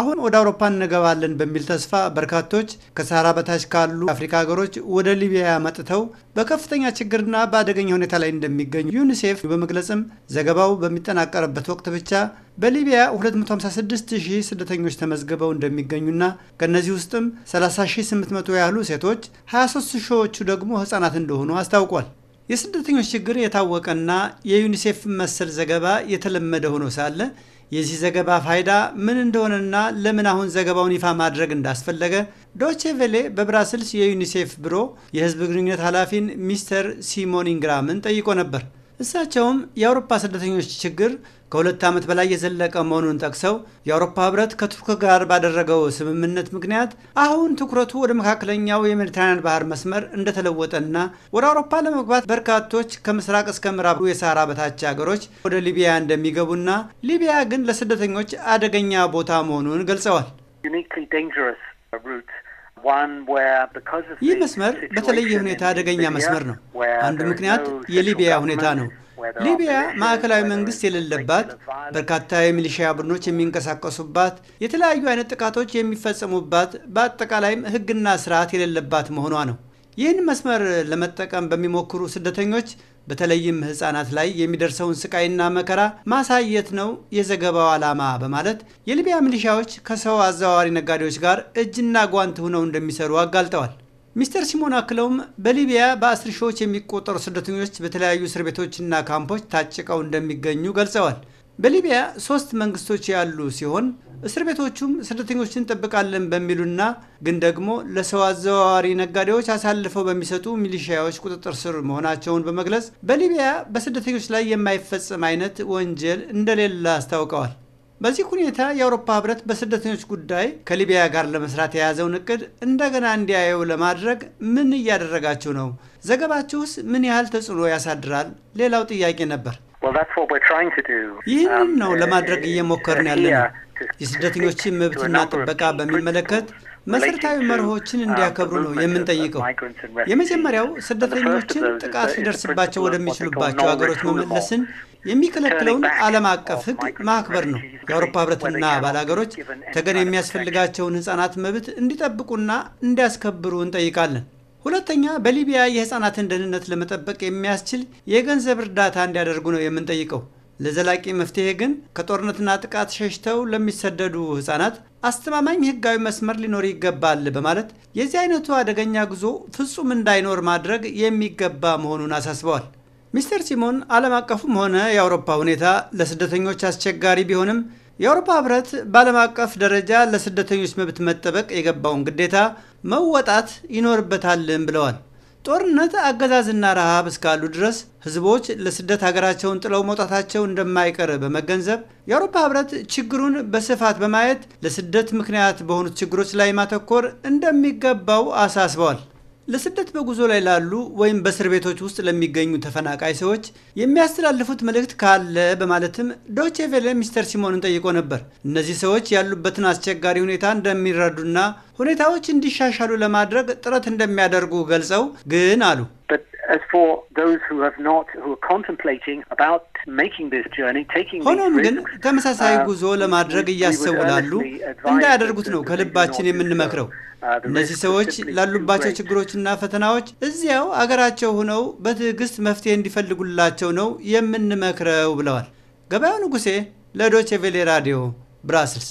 አሁን ወደ አውሮፓ እንገባለን በሚል ተስፋ በርካቶች ከሰሃራ በታች ካሉ አፍሪካ ሀገሮች ወደ ሊቢያ መጥተው በከፍተኛ ችግርና በአደገኛ ሁኔታ ላይ እንደሚገኙ ዩኒሴፍ በመግለጽም ዘገባው በሚጠናቀርበት ወቅት ብቻ በሊቢያ 256 ሺህ ስደተኞች ተመዝግበው እንደሚገኙና ከእነዚህ ውስጥም 30800 ያህሉ ሴቶች፣ 23 ሺዎቹ ደግሞ ህጻናት እንደሆኑ አስታውቋል። የስደተኞች ችግር የታወቀና የዩኒሴፍ መሰል ዘገባ የተለመደ ሆኖ ሳለ የዚህ ዘገባ ፋይዳ ምን እንደሆነና ለምን አሁን ዘገባውን ይፋ ማድረግ እንዳስፈለገ ዶቼ ቬሌ በብራስልስ የዩኒሴፍ ቢሮ የህዝብ ግንኙነት ኃላፊን ሚስተር ሲሞን ኢንግራምን ጠይቆ ነበር። እሳቸውም የአውሮፓ ስደተኞች ችግር ከሁለት ዓመት በላይ የዘለቀ መሆኑን ጠቅሰው የአውሮፓ ህብረት ከቱርክ ጋር ባደረገው ስምምነት ምክንያት አሁን ትኩረቱ ወደ መካከለኛው የሜዲትራንያን ባህር መስመር እንደተለወጠና ወደ አውሮፓ ለመግባት በርካቶች ከምስራቅ እስከ ምዕራብ የሳራ በታች ሀገሮች ወደ ሊቢያ እንደሚገቡና ሊቢያ ግን ለስደተኞች አደገኛ ቦታ መሆኑን ገልጸዋል። ይህ መስመር በተለየ ሁኔታ አደገኛ መስመር ነው። አንድ ምክንያት የሊቢያ ሁኔታ ነው። ሊቢያ ማዕከላዊ መንግስት የሌለባት በርካታ የሚሊሺያ ቡድኖች የሚንቀሳቀሱባት፣ የተለያዩ አይነት ጥቃቶች የሚፈጸሙባት፣ በአጠቃላይም ህግና ስርዓት የሌለባት መሆኗ ነው። ይህን መስመር ለመጠቀም በሚሞክሩ ስደተኞች በተለይም ህጻናት ላይ የሚደርሰውን ስቃይና መከራ ማሳየት ነው የዘገባው ዓላማ በማለት የሊቢያ ሚሊሻዎች ከሰው አዘዋዋሪ ነጋዴዎች ጋር እጅና ጓንት ሆነው እንደሚሰሩ አጋልጠዋል። ሚስተር ሲሞን አክለውም በሊቢያ በአስር ሺዎች የሚቆጠሩ ስደተኞች በተለያዩ እስር ቤቶችና ካምፖች ታጭቀው እንደሚገኙ ገልጸዋል። በሊቢያ ሶስት መንግስቶች ያሉ ሲሆን እስር ቤቶቹም ስደተኞችን እንጠብቃለን በሚሉና ግን ደግሞ ለሰው አዘዋዋሪ ነጋዴዎች አሳልፈው በሚሰጡ ሚሊሺያዎች ቁጥጥር ስር መሆናቸውን በመግለጽ በሊቢያ በስደተኞች ላይ የማይፈጸም አይነት ወንጀል እንደሌለ አስታውቀዋል። በዚህ ሁኔታ የአውሮፓ ህብረት በስደተኞች ጉዳይ ከሊቢያ ጋር ለመስራት የያዘውን እቅድ እንደገና እንዲያየው ለማድረግ ምን እያደረጋችሁ ነው? ዘገባችሁስ ምን ያህል ተጽዕኖ ያሳድራል? ሌላው ጥያቄ ነበር። ይህንን ነው um, ለማድረግ uh, እየሞከርን uh, ነው። የስደተኞችን መብትና ጥበቃ በሚመለከት መሰረታዊ መርሆችን um, እንዲያከብሩ ነው የምንጠይቀው። የመጀመሪያው ስደተኞችን ጥቃት ሊደርስባቸው ወደሚችሉባቸው ሀገሮች መመለስን የሚከለክለውን ዓለም አቀፍ ሕግ ማክበር ነው። የአውሮፓ ህብረትና አባል ሀገሮች ተገን የሚያስፈልጋቸውን ህጻናት መብት እንዲጠብቁና እንዲያስከብሩ እንጠይቃለን። ሁለተኛ በሊቢያ የህፃናትን ደህንነት ለመጠበቅ የሚያስችል የገንዘብ እርዳታ እንዲያደርጉ ነው የምንጠይቀው። ለዘላቂ መፍትሄ ግን ከጦርነትና ጥቃት ሸሽተው ለሚሰደዱ ህጻናት አስተማማኝ ህጋዊ መስመር ሊኖር ይገባል በማለት የዚህ አይነቱ አደገኛ ጉዞ ፍጹም እንዳይኖር ማድረግ የሚገባ መሆኑን አሳስበዋል። ሚስተር ሲሞን ዓለም አቀፉም ሆነ የአውሮፓ ሁኔታ ለስደተኞች አስቸጋሪ ቢሆንም የአውሮፓ ህብረት በዓለም አቀፍ ደረጃ ለስደተኞች መብት መጠበቅ የገባውን ግዴታ መወጣት ይኖርበታልም ብለዋል። ጦርነት፣ አገዛዝና ረሃብ እስካሉ ድረስ ህዝቦች ለስደት ሀገራቸውን ጥለው መውጣታቸው እንደማይቀር በመገንዘብ የአውሮፓ ህብረት ችግሩን በስፋት በማየት ለስደት ምክንያት በሆኑት ችግሮች ላይ ማተኮር እንደሚገባው አሳስበዋል። ለስደት በጉዞ ላይ ላሉ ወይም በእስር ቤቶች ውስጥ ለሚገኙ ተፈናቃይ ሰዎች የሚያስተላልፉት መልእክት ካለ በማለትም ዶቼ ቬለ ሚስተር ሲሞንን ጠይቆ ነበር። እነዚህ ሰዎች ያሉበትን አስቸጋሪ ሁኔታ እንደሚረዱና ሁኔታዎች እንዲሻሻሉ ለማድረግ ጥረት እንደሚያደርጉ ገልጸው ግን አሉ ሆኖም ግን ተመሳሳይ uh, ጉዞ ለማድረግ እያሰቡ ላሉ እንዳያደርጉት ነው ከልባችን የምንመክረው። uh, እነዚህ ሰዎች ላሉባቸው ችግሮችና ፈተናዎች እዚያው አገራቸው ሆነው በትዕግስት መፍትሄ እንዲፈልጉላቸው ነው የምንመክረው ብለዋል። ገበያው ንጉሴ ለዶቼ ቬሌ ራዲዮ ብራስልስ።